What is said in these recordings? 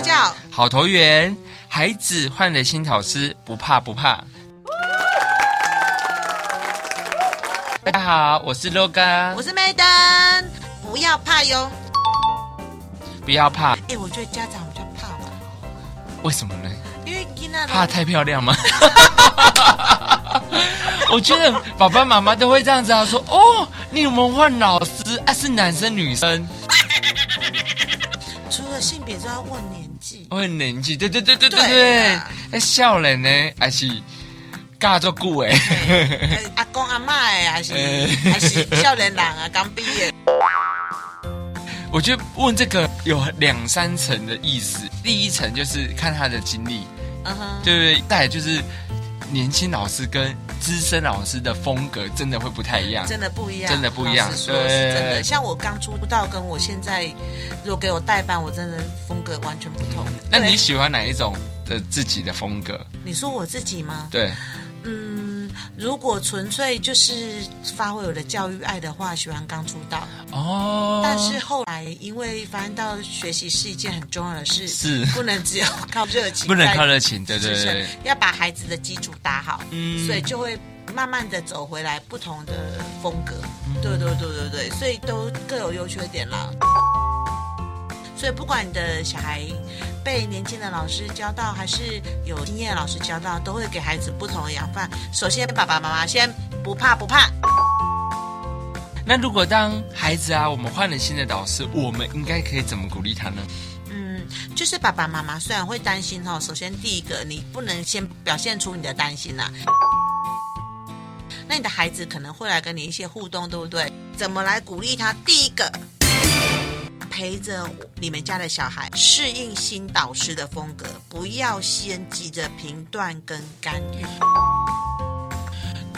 叫好投緣，孩子換了新老師，不怕不怕。大家好，我是 Loga，我是 Madam，不要怕喲，不要怕。哎，我覺得家長比較怕吧？為什麼呢？因為怕太漂亮嗎？ 我覺得爸爸媽媽都會這樣子啊，說哦，你有沒有換老師，哎、啊、是男生女生，除了性別之外問你。我很年紀，對對對對對對，哎、欸，少年呢，還是工作過哎，阿公阿嬤，哎，還是、欸、還是少年郎啊，剛畢業。我覺得問這個有兩三層的意思，第一層就是看他的經歷，對不對？再就是。年輕老師跟資深老師的風格真的會不太一樣，嗯，真的不一樣，真的不一樣，對是真的。像我剛出道，跟我現在如果給我代班，我真的風格完全不同。那你喜歡哪一種的自己的風格？你說我自己嗎？對，嗯。如果純粹就是發揮我的教育愛的話，喜歡剛出道哦。但是後來因為發現到學習是一件很重要的事，是不能只有靠熱情，不能靠熱情，對對對，要把孩子的基礎打好，嗯，所以就會慢慢的走回來不同的風格。嗯、對，對，對對對對對，所以都各有優缺點啦。所以不管你的小孩被年輕的老師教到，還是有經驗的老師教到，都會給孩子不同的養分。首先，爸爸媽媽先不怕不怕。那如果當孩子啊，我們換了新的導師，我們應該可以怎麼鼓勵他呢？嗯，就是爸爸媽媽雖然會擔心哈、哦，首先第一個，你不能先表現出你的擔心啊。那你的孩子可能會來跟你一些互動，對不對？怎麼來鼓勵他？第一個。陪着你們家的小孩適應新導師的風格，不要先急着評斷跟干預。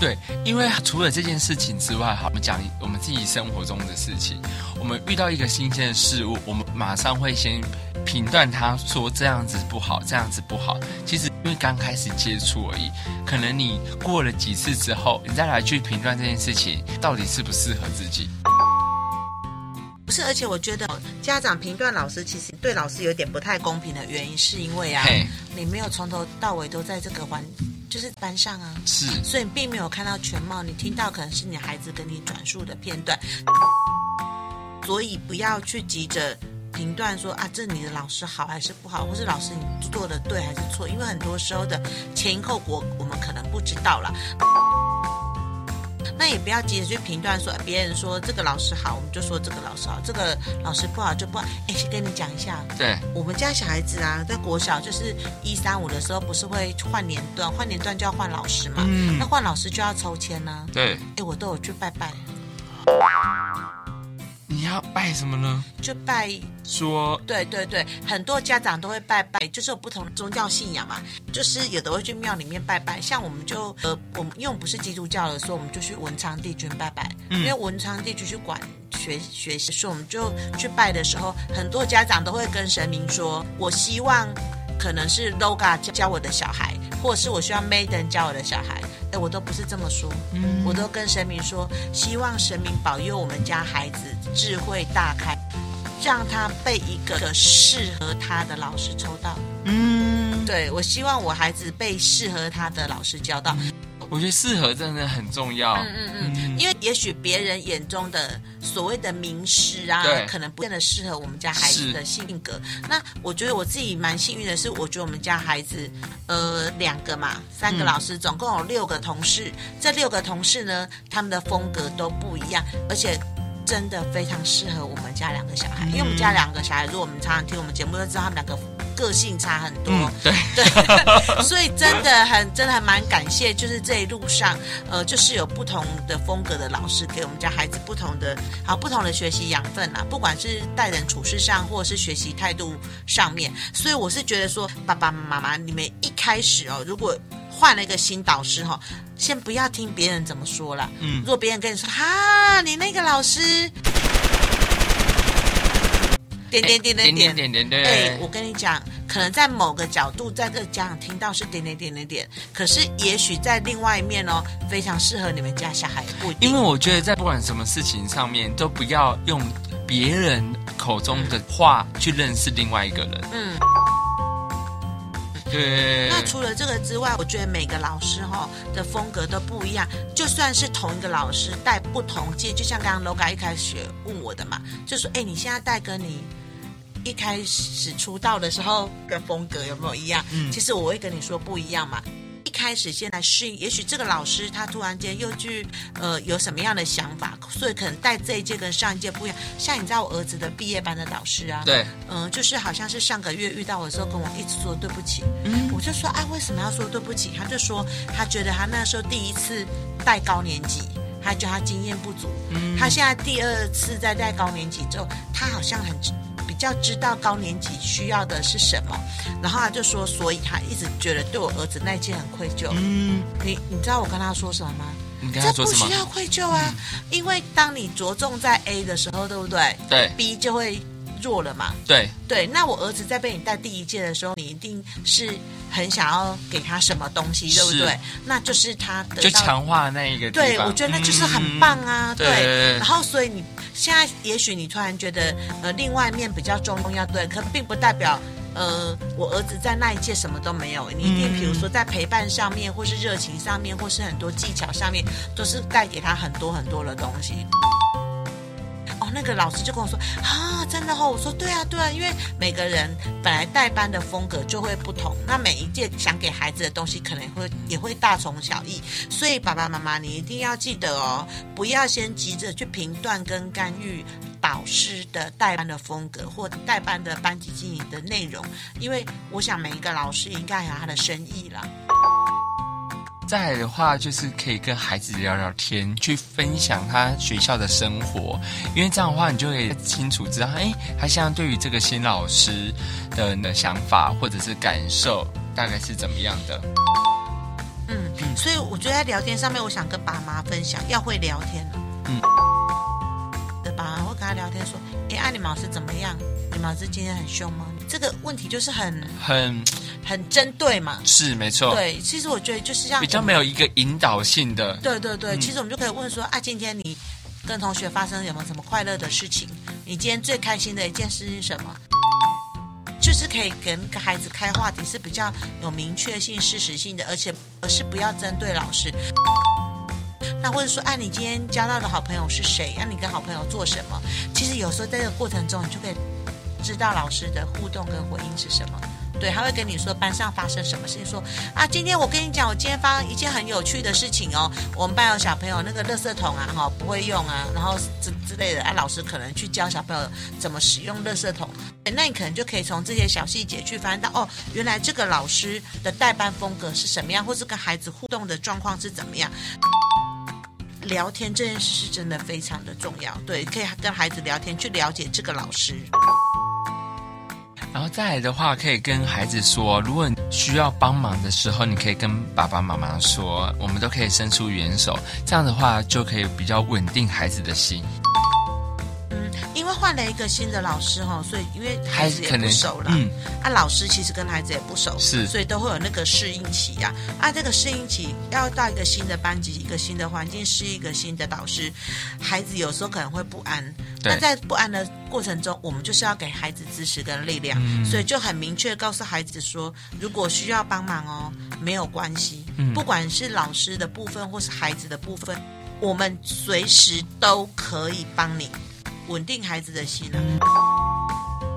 對，因為除了這件事情之外，好，我們講我們自己生活中的事情，我們遇到一個新鮮的事物，我們馬上會先評斷，他說這樣子不好，這樣子不好。其實因為剛開始接觸而已，可能你過了幾次之後，你再來去評斷這件事情到底適不適合自己。不是，而且我覺得家長評斷老師，其實對老師有點不太公平的原因，是因為啊，hey. 你沒有從頭到尾都在這個環，就是班上啊，是，所以你並沒有看到全貌。你聽到可能是你孩子跟你轉述的片段，所以不要去急着評斷說啊，這你的老師好還是不好，或是老師你做的對還是錯，因為很多時候的前因後果我們可能不知道了。那也不要急着去評斷，說別人說這個老師好，我們就說這個老師好，這個老師不好就不好。哎，先跟你講一下，對，我們家小孩子啊，在國小就是一三五的時候，不是會換年段，換年段就要換老師嘛。嗯，那換老師就要抽籤呢，啊。對，哎，我都有去拜拜。你要拜什麼呢？就拜說，對對對，很多家長都會拜拜，就是有不同宗教信仰嘛，就是有的會去廟裡面拜拜。像我們就呃，我們因為我們不是基督教的，所以我們就去文昌帝君拜拜，因為文昌帝君去管學學習，所以我們就去拜的時候，很多家長都會跟神明說，我希望可能是 Loga 教教我的小孩，或者是我希望 Madam 教我的小孩。哎，我都不是這麼說，嗯，我都跟神明說，希望神明保佑我們家孩子智慧大開，讓他被一個適合他的老師抽到。嗯，對，我希望我孩子被適合他的老師教到。我覺得適合真的很重要，嗯嗯嗯，嗯，因為也許別人眼中的所謂的名師啊，可能不見得適合我們家孩子的性格。那我覺得我自己蠻幸運的是，我覺得我們家孩子，呃，兩個嘛，三個老師，嗯，總共有六個同事。這六個同事呢，他們的風格都不一樣，而且，真的非常適合我們家兩個小孩，嗯，因為我們家兩個小孩，如果我們常常聽我們節目，都知道他們兩個個性差很多。嗯、對，對。 所以真的很、真的很蠻感謝，就是這一路上，呃，就是有不同的風格的老師給我們家孩子不同的、好不同的學習養分啦，不管是待人處事上，或者是學習態度上面。所以我是覺得說，爸爸媽媽你們一開始哦，如果。換了一個新導師哈，先不要聽別人怎麼說了。嗯，如果別人跟你說哈，你那個老師點點點點、欸、點點點對,對,對、欸，我跟你講，可能在某個角度，在這個家長聽到是點點點點點，可是也許在另外一面哦，非常適合你們家小孩。不，因為我覺得在不管什麼事情上面，都不要用別人口中的話去認識另外一個人。嗯。那除了這個之外，我覺得每個老師哈、哦、的風格都不一樣。就算是同一個老師帶不同屆，就像剛剛 Loga 一開始問我的嘛，就說：“哎，你現在帶跟你一開始出道的時候跟風格有沒有一樣？”嗯，其實我會跟你說不一樣嘛。一開始先來適應，也許這個老師他突然間又去呃有什麼樣的想法，所以可能帶這一屆跟上一屆不一樣。像你知道我兒子的畢業班的導師啊，對，嗯、呃，就是好像是上個月遇到我的時候跟我一直說對不起，嗯，我就說啊、哎、為什麼要說對不起？他就說他覺得他那時候第一次帶高年級，他覺得他經驗不足，嗯，他現在第二次再帶高年級之後，他好像很。要知道高年級需要的是什麼，然後他就說，所以他一直覺得對我兒子那一件很愧疚。嗯，你你知道我跟他說什麼嗎？你跟他說什麼？這不需要愧疚啊，嗯。因為當你着重在 A 的時候，對不對？對。B 就會。弱了嘛？對對，那我兒子在被你帶第一屆的時候，你一定是很想要給他什麼東西，對不對？那就是他的就強化那一個。對，我覺得那就是很棒啊。嗯、對，對，對。然後，所以你現在也許你突然覺得呃，另外一面比較重要，對，可並不代表呃，我兒子在那一屆什麼都沒有。你一定，比、嗯、如說在陪伴上面，或是熱情上面，或是很多技巧上面，都是帶給他很多很多的東西。那個老師就跟我說：“啊，真的哦。”我說：“對啊，對啊，因為每個人本來帶班的風格就會不同，那每一屆想給孩子的東西可能會也會大同小異，所以爸爸媽媽你一定要記得哦，不要先急着去評斷跟干預導師的帶班的風格或帶班的班級經營的內容，因為我想每一個老師應該有他的深意啦。”再來的話，就是可以跟孩子聊聊天，去分享他學校的生活，因為這樣的話，你就可以清楚知道，哎、欸，他現在對於這個新老師的人的想法或者是感受，大概是怎麼樣的。嗯，所以我覺得在聊天上面，我想跟爸媽分享，要會聊天嗯。對，爸媽會跟他聊天說，哎、欸啊，你們老師怎麼樣？你們老師今天很凶嗎？這個問題就是很很。很針對嘛，是？是沒錯。對，其實我覺得就是像比較沒有一個引導性的。對對對、嗯，其實我們就可以問說：啊，今天你跟同學發生有沒有什麼快樂的事情？你今天最開心的一件事是什麼？就是可以跟孩子開話題，是比較有明確性、事實性的，而且而是不要針對老師。那或者說，哎、啊，你今天交到的好朋友是誰？讓、啊、你跟好朋友做什麼？其實有時候在這個過程中，你就可以知道老師的互動跟回應是什麼。對，他會跟你說班上發生什麼事情。說啊，今天我跟你講，我今天發生一件很有趣的事情哦。我們班有小朋友那個垃圾桶啊，哈、哦，不會用啊，然後之之類的。哎、啊，老師可能去教小朋友怎麼使用垃圾桶、哎。那你可能就可以從這些小細節去發現到，哦，原來這個老師的代班風格是什麼樣，或是跟孩子互動的狀況是怎麼樣。聊天這件事是真的非常的重要，對，可以跟孩子聊天，去了解這個老師。然後再來的話，可以跟孩子說，如果你需要幫忙的時候，你可以跟爸爸媽媽說，我們都可以伸出援手，這樣的話，就可以比較穩定孩子的心。因為換了一個新的老師哈，所以因為孩子也不熟了。嗯，啊，老師其實跟孩子也不熟，是，所以都會有那個適應期呀、啊。啊，這個適應期要到一個新的班級、一個新的環境、是一個新的導師，孩子有時候可能會不安。那在不安的過程中，我們就是要給孩子支持跟力量、嗯，所以就很明確告訴孩子說：如果需要幫忙哦，沒有關係、嗯，不管是老師的部分或是孩子的部分，我們隨時都可以幫你。穩定孩子的心呢、啊？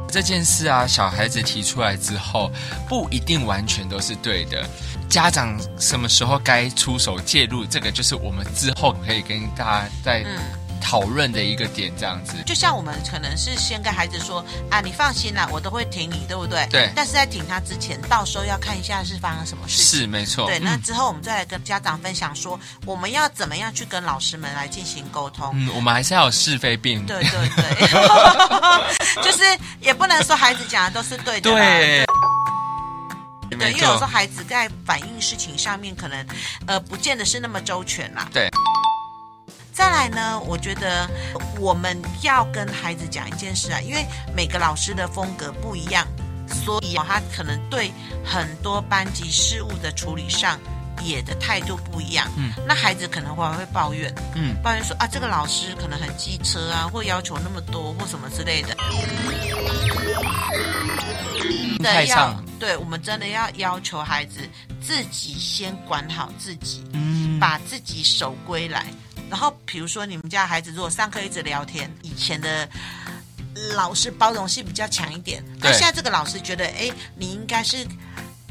這件事啊，小孩子提出來之後，不一定完全都是對的。家長什麼時候該出手介入？這個就是我們之後可以跟大家再，嗯討論的一個點，這樣子，就像我們可能是先跟孩子說啊，你放心啦，我都會挺你，對不對？對。但是在挺他之前，到時候要看一下是發生什麼事。是，沒錯。對。那之後，我們再來跟家長分享說、嗯，我們要怎麼樣去跟老師們來進行溝通？嗯，我們還是要有是非辨，對對對，對對 就是也不能說孩子講的都是對的。對，對，對。對，因為有時候孩子在反映事情上面，可能呃，不見得是那麼周全啦。對。再來呢，我覺得我們要跟孩子講一件事啊，因為每個老師的風格不一樣，所以他可能對很多班級事務的處理上也的態度不一樣。嗯，那孩子可能會會抱怨，嗯，抱怨說啊，這個老師可能很機車啊，或要求那麼多或什麼之類的。對，要，對，我們真的要要求孩子自己先管好自己，嗯，把自己守歸來。然後，比如說你們家孩子如果上課一直聊天，以前的老師包容性比較強一點，那現在這個老師覺得，哎，你應該是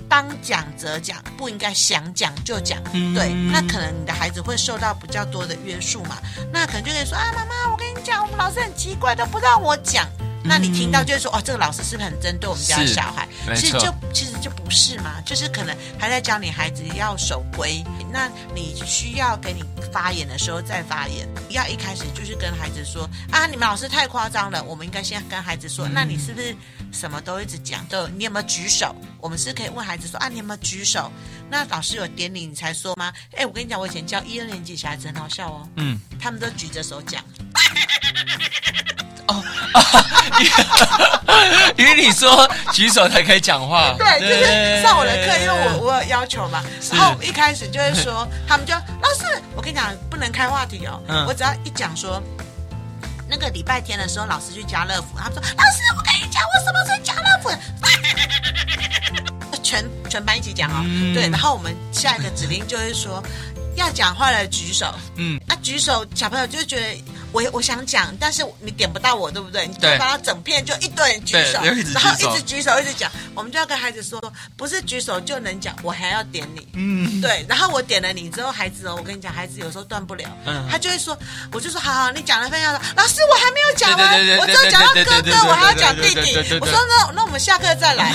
當講則講，不應該想講就講，對，嗯，那可能你的孩子會受到比較多的約束嘛，那可能就會說啊，媽媽，我跟你講，我們老師很奇怪的，都不讓我講。那你聽到就會說，哦，這個老師是不是很針對我們家的小孩？其實就其實就不是嘛，就是可能還在教你孩子要守規。那你需要給你發言的時候再發言，不要一開始就是跟孩子說啊，你們老師太誇張了。我們應該先跟孩子說，嗯、那你是不是什麼都一直講？都有你有沒有舉手？我們是可以問孩子說啊，你有沒有舉手？那老師有點你你才說嗎？哎，我跟你講，我以前教一二年級小孩子很好笑哦，嗯，他們都舉着手講。 哦，因為你說 舉手才可以講話。對，就是上我的課。對對對對，因為我我有要求嘛，對對對對然後我們一開始就會說，他們就老師，我跟你講，不能開話題哦。嗯、我只要一講說，那個禮拜天的時候，老師去家樂福，他們說老師，我跟你講，我什麼時候家樂福？ 全全班一起講哦、嗯，對。然後我們下一個指令就是說、嗯、要講話的舉手。嗯，那、啊、舉手小朋友就覺得。我我想講，但是你點不到我，對不對？你把它整片就一堆人舉手，然後一直舉手一直講，我們就要跟孩子說，不是舉手就能講，我還要點你。嗯，對，然後我點了你之後，孩子哦，我跟你講，孩子有時候斷不了，他就會說，我就說，好好，你講了分享說，老師我還沒有講完，哦，我都講到哥哥對對對對對對，我還要講弟弟，對對對對對對對，我說那那我們下課再來。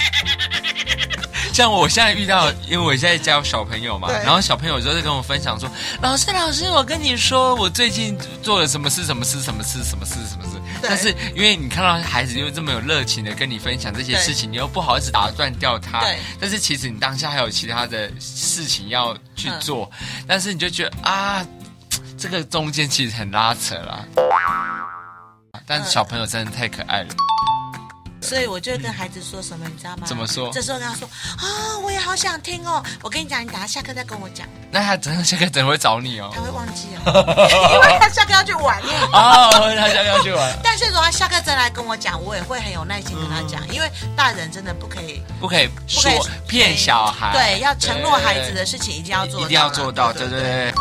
像我現在遇到，因為我現在教小朋友嘛，然後小朋友就是跟我分享說：“老師，老師，我跟你說，我最近做了什麼事，什麼事，什麼事，什麼事，什麼事。”但是因為你看到孩子又這麼有熱情的跟你分享這些事情，你又不好意思打斷掉他。但是其實你當下還有其他的事情要去做，嗯、但是你就覺得啊，這個中間其實很拉扯啦。但是小朋友真的太可愛了。所以我就會跟孩子說什麼，你知道嗎？怎麼說？這時候跟他說啊、哦，我也好想聽哦。我跟你講，你等下下課再跟我講。那他等下下課等會找你哦？他會忘記哦、啊。 因為他下課要去玩。哦， 他下課要去玩。 但是如果他下課再來跟我講，我也會很有耐心跟他講，因為大人真的不可以、嗯，不可以說不可以說騙小孩。對，對，要承諾孩子的事情一定要做，一定要做到。對對對，對。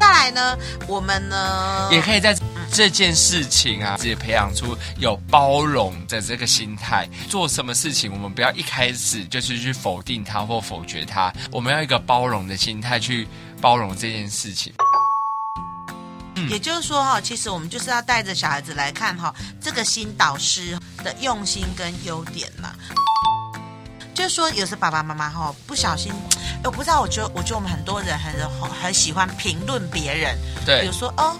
再來呢，我們呢也可以在這。這件事情啊，自己培養出有包容的這個心態。做什麼事情，我們不要一開始就是去否定他或否決他，我們要一個包容的心態去包容這件事情。嗯，也就是說哈，其實我們就是要帶着小孩子來看哈，這個新導師的用心跟優點吶。就說有時爸爸媽媽哈不小心，我不知道，我覺得我覺得我們很多人很很喜歡評論別人，對，比如說哦。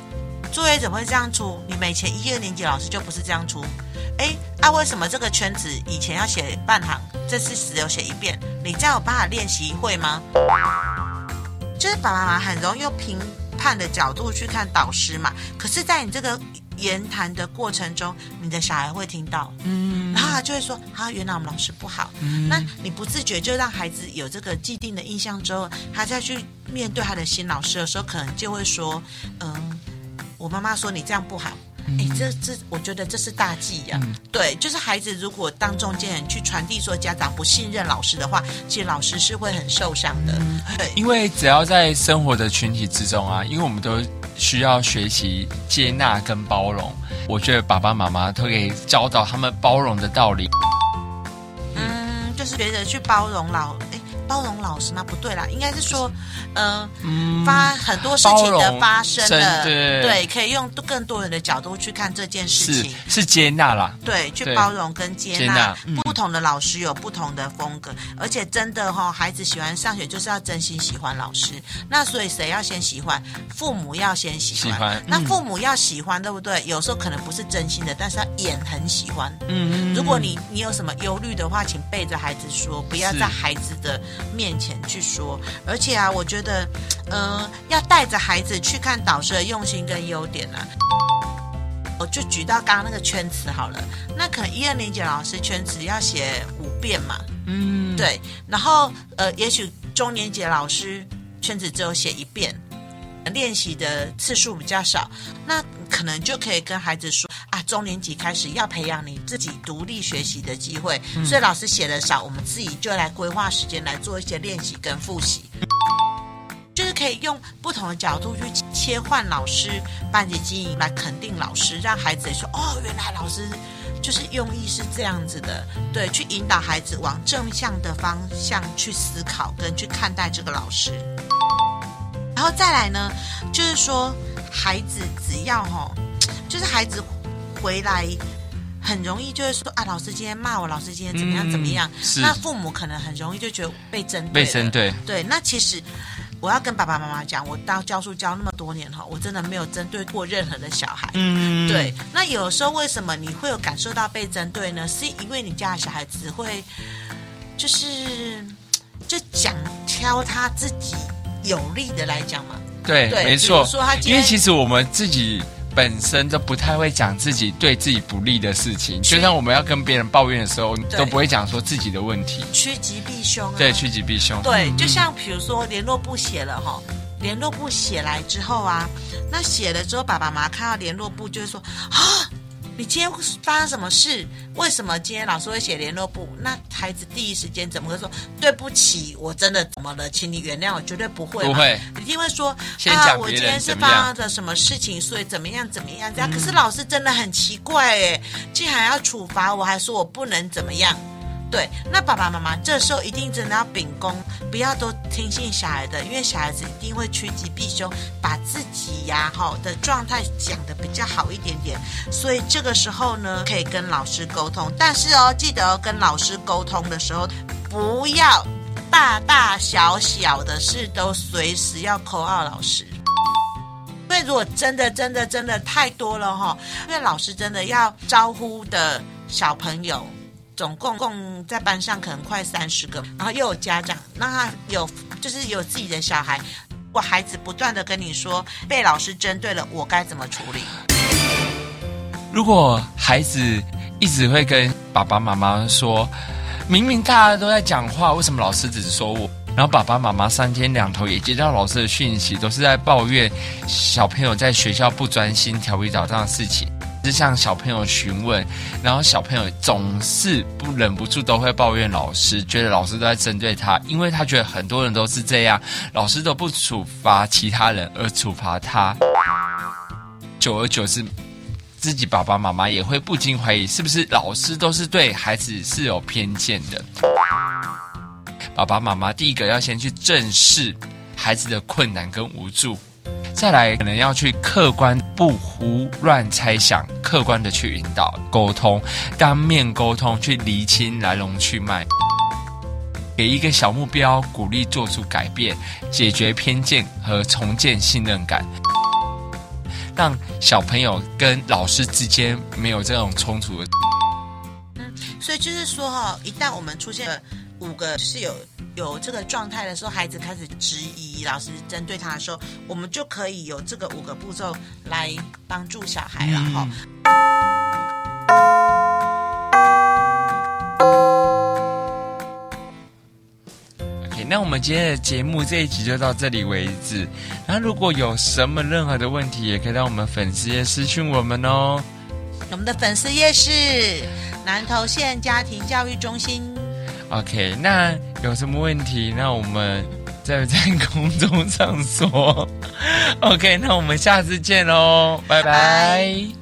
作業怎麼會這樣出？你們以前一二年級老師就不是這樣出？哎，那、啊、為什麼這個圈子以前要寫半行，這次只有寫一遍？你有辦法練習一會嗎？就是爸爸媽媽很容易用評判的角度去看導師嘛。可是，在你這個言談的過程中，你的小孩會聽到，嗯，然後他就會說：“啊，原來我們老師不好。嗯”那你不自覺就讓孩子有這個既定的印象之後，他再去面對他的新老師的時候，可能就會說：“嗯。”我媽媽說你這樣不好，哎、嗯欸，這這，我覺得這是大忌呀、啊嗯。對，就是孩子如果當中間人去傳遞說家長不信任老師的話，其實老師是會很受傷的、嗯。對，因為只要在生活的群體之中啊，因為我們都需要學習接納跟包容，我覺得爸爸媽媽都可以教導他們包容的道理。嗯，就是學着去包容老。欸包容老師嗎？不對啦，應該是說、呃，嗯，發很多事情的發生的生對，對，可以用更多人的角度去看這件事情，是，是接納啦，對，去包容跟接納、嗯、不同的老師有不同的風格，而且真的哈、哦，孩子喜歡上學就是要真心喜歡老師，那所以誰要先喜歡？父母要先喜歡，喜歡嗯、那父母要喜歡，對不對？有時候可能不是真心的，但是要演很喜歡，嗯。如果你你有什麼憂慮的話，請背着孩子說，不要在孩子的面前去說，而且啊，我覺得，嗯、呃，要帶着孩子去看導師的用心跟優點呢、啊。我就舉到剛剛那個圈詞好了，那可能一二年級老師圈詞要寫五遍嘛，嗯，對，然後呃，也許中年級老師圈詞只有寫一遍。練習的次數比較少，那可能就可以跟孩子說啊，中年級開始要培養你自己獨立學習的機會。嗯，所以老師寫的少，我們自己就來規劃時間來做一些練習跟複習，就是可以用不同的角度去切換老師班級經營，來肯定老師，讓孩子也說哦，原來老師就是用意是這樣子的，對，去引導孩子往正向的方向去思考跟去看待這個老師。然後再來呢，就是說，孩子只要哈，就是孩子回來很容易就會說啊，老師今天罵我，老師今天怎麼樣怎麼樣？嗯、是。那父母可能很容易就覺得被針對。被針對。對，那其實我要跟爸爸媽媽講，我當教書教那麼多年哈，我真的沒有針對過任何的小孩。嗯對，那有時候為什麼你會有感受到被針對呢？是因為你家的小孩子會，就是就講挑他自己。有利的來講嘛，對，對，沒錯。因為其實我們自己本身都不太會講自己對自己不利的事情，就像我們要跟別人抱怨的時候，都不會講說自己的問題。趨吉避凶,、啊、凶，對，趨吉避凶。對，就像比如說聯絡簿寫了哈，聯絡簿寫,、哦、寫來之後啊，那寫了之後，爸爸媽媽看到聯絡簿就會說啊。你今天發生什麼事？為什麼今天老師會寫聯絡簿？那孩子第一時間怎麼會說對不起？我真的怎麼了？請你原諒我，絕對不會吧。不會，你一定會說啊！我今天是發生了什麼事情，所以怎麼樣怎麼樣，怎麼樣這樣。可是老師真的很奇怪，哎、嗯，既然要處罰我，我還說我不能怎麼樣。對，那爸爸媽媽這時候一定真的要秉公，不要都聽信小孩的，因為小孩子一定會趨吉避凶，把自己呀、啊、哈、哦、的狀態講得比較好一點點。所以這個時候呢，可以跟老師溝通，但是哦，記得、哦、跟老師溝通的時候，不要大大小小的事都隨時要扣號老師，因為如果真的真的真的太多了哈，因為老師真的要招呼的小朋友，總共共在班上可能快三十個，然後又有家長，那他有就是有自己的小孩。我孩子不斷的跟你說被老師針對了，我該怎麼處理？如果孩子一直會跟爸爸媽媽說，明明大家都在講話，為什麼老師只是說我？然後爸爸媽媽三天兩頭也接到老師的訊息，都是在抱怨小朋友在學校不專心、調皮搗蛋的事情。向小朋友詢問，然後小朋友總是不忍不住都會抱怨老師，覺得老師都在針對他，因為他覺得很多人都是這樣，老師都不處罰其他人，而處罰他。久而久之，自己爸爸媽媽也會不禁懷疑，是不是老師都是對孩子是有偏見的？爸爸媽媽第一個要先去正視孩子的困難跟無助。再來，可能要去客觀，不胡亂猜想，客觀的去引導溝通，當面溝通去釐清來龍去脈，給一個小目標，鼓勵做出改變，解決偏見和重建信任感，讓小朋友跟老師之間沒有這種衝突的。嗯，所以就是說哈，一旦我們出現。五個是有有這個狀態的時候，孩子開始質疑老師針對他的時候，我們就可以有這個五個步驟來幫助小孩了哈、嗯。OK，那我們今天的節目這一集就到這裡為止。那如果有什麼任何的問題，也可以讓我們粉絲頁私訊我們哦。我們的粉絲頁是南投縣家庭教育中心。OK，那有什麼問題？那我們在在公眾上說。OK，那我們下次見嘍，拜拜。